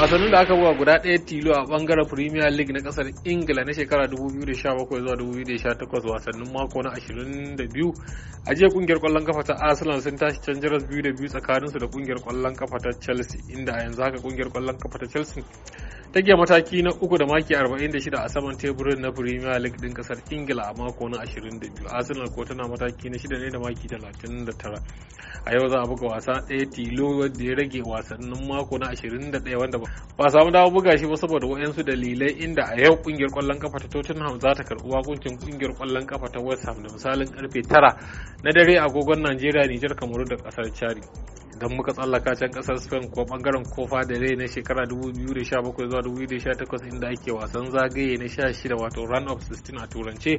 wasannin da aka buga guda ɗaya tilo a bangaren premier league na kasar ingila na shekara 2017 zuwa 2018 wasannin mako na 22 a jiya kungiyar kwallon kafa ta arsenal sun tashi can jaras biyu da biyu tsakaninsu da kungiyar kwallon kafa ta chelsea inda a yanzu haka kungiyar kwallon kafa ta chelsea Tage mataki na uku da maki 46 a saman teburin na Premier League din kasar Ingila a mako na 22. Arsenal ko tana mataki na shida ne da maki 39. A yau za a buga wasa ɗaya tilo wadda ya rage wasannin mako na 21 wanda ba samu dawo buga shi ba saboda wayansu dalilai inda a yau kungiyar kwallon kafa ta Tottenham za ta karɓi wakuncin kungiyar kwallon kafa ta West Ham da misalin karfe 9 na dare agogon Najeriya Nijar Kamaru da kasar Chari. idan muka tsallaka can kasar spain ko bangaren kofa da rai na shekara 2017 zuwa 2018 inda ake wasan zagaye na 16 wato run of 16 a turance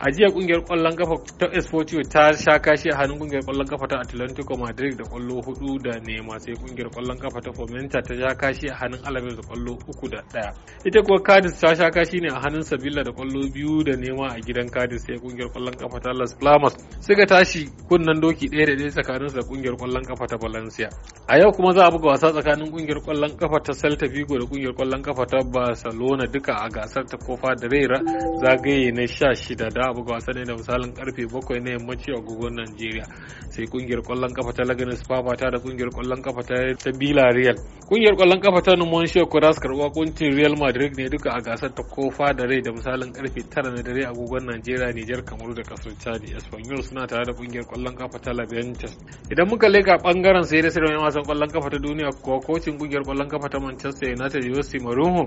a jiya kungiyar kwallon kafa ta esportivo ta sha kashi a hannun kungiyar kwallon kafa ta atlantico madrid da kwallo hudu da nema sai kungiyar kwallon kafa ta fomenta ta sha kashi a hannun alamir da kwallo uku da daya ita kuwa cadiz ta sha kashi ne a hannun sabila da kwallo biyu da nema a gidan cadiz sai kungiyar kwallon kafa ta las palmas suka tashi kunnen doki daya da daya tsakaninsu da kungiyar kwallon kafa ta valencia a yau kuma za a buga wasa tsakanin kungiyar kwallon kafa ta celta vigo da kungiyar kwallon kafa ta barcelona duka a gasar ta kofa da rera zagaye na sha shida da a buga wasa ne da misalin karfe bakwai na yammaci a gugun nigeria sai kungiyar kwallon kafa ta Leganes fafata da kungiyar kwallon kafa ta ta Villarreal kungiyar kwallon kafa ta Numancia Kuras karɓa kuncin Real Madrid ne duka a gasar ta kofa da rai da misalin karfe 9 na dare agogon Najeriya Nijar Kamaru da kasar Chad Espanyol suna tare da kungiyar kwallon kafa ta Juventus idan muka leka bangaren sai da sirrin wasan kwallon kafa ta duniya ko kocin kungiyar kwallon kafa ta Manchester United Jose Mourinho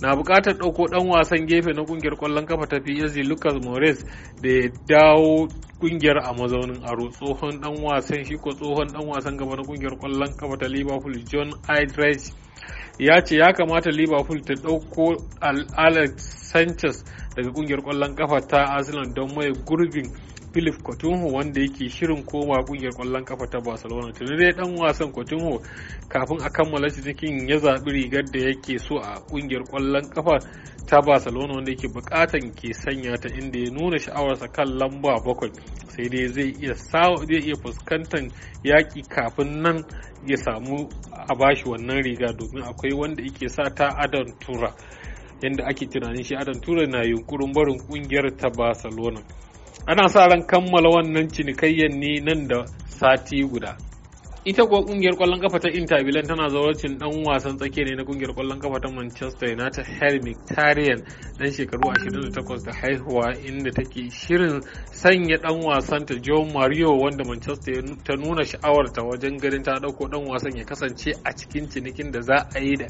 na bukatar dauko dan wasan gefe na kungiyar kwallon kafa ta PSG Lucas Moraes da ya dawo kungiyar a mazaunin aro tsohon dan wasan shi ko tsohon dan wasan gaba na kungiyar kwallon kafa ta liverpool john idredge ya ce ya kamata liverpool ta ɗauko alex sanchez daga kungiyar kwallon kafa ta arsenal don mai gurbin philip coutinho wanda yake shirin koma kungiyar kwallon kafa ta barcelona tuni dai dan wasan coutinho kafin a kammala cikin ya zaɓi rigar da yake so a kungiyar kwallon kafa ta barcelona wanda yake bukatan ke sanya ta inda ya nuna sha'awarsa kan lamba bakwai sai dai zai iya zai iya fuskantar yaƙi kafin nan ya samu a bashi wannan riga domin akwai wanda yake sa ta adam tura yadda ake tunanin shi adam tura na yunkurin barin kungiyar ta barcelona ana sa ran kammala wannan cinikayyar ne nan da sati guda ita kuwa kungiyar kwallon kafa ta Inter Milan tana zauracin dan wasan tsakiya ne na kungiyar kwallon kafa ta Manchester United Harry mctarian dan shekaru 28 da haihuwa inda take shirin sanya dan wasan ta john Mario wanda Manchester ta nuna sha'awarta wajen ganin ta dauko dan wasan ya kasance a cikin cinikin da za a yi da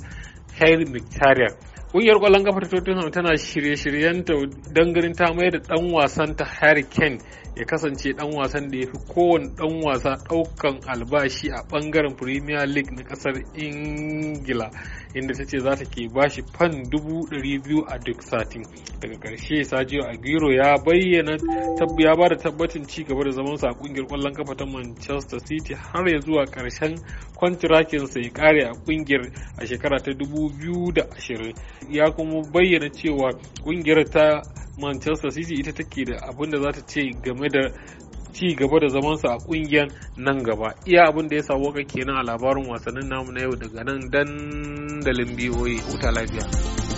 Harry mctarian Ƙungiyar kafa kafar Tottenham tana shirye-shiryenta don ganin ta mayar da ɗan wasan ta Harry Kane ya kasance dan wasan da ya fi kowane ɗan wasa ɗaukan albashi a bangaren Premier League na ƙasar Ingila inda ta ce za ta ke bashi fan dubu dari biyu a duk satin. Daga karshe Sajiyo Aguero ya bayyana ya ba da tabbacin ci gaba da zaman sa ƙungiyar kwallon kafa ta Manchester City har ya zuwa karshen kwantirakinsa ya kare a kungiyar a shekara ta dubu da ashirin. ya kuma bayyana cewa kungiyar ta manchester city ita take da abin da za ta ce game da ci gaba da zamansa a kungiyar nan gaba iya abin da ya samu kenan a labarin wasannin namu na yau daga nan dandalin biyoyi huta lafiya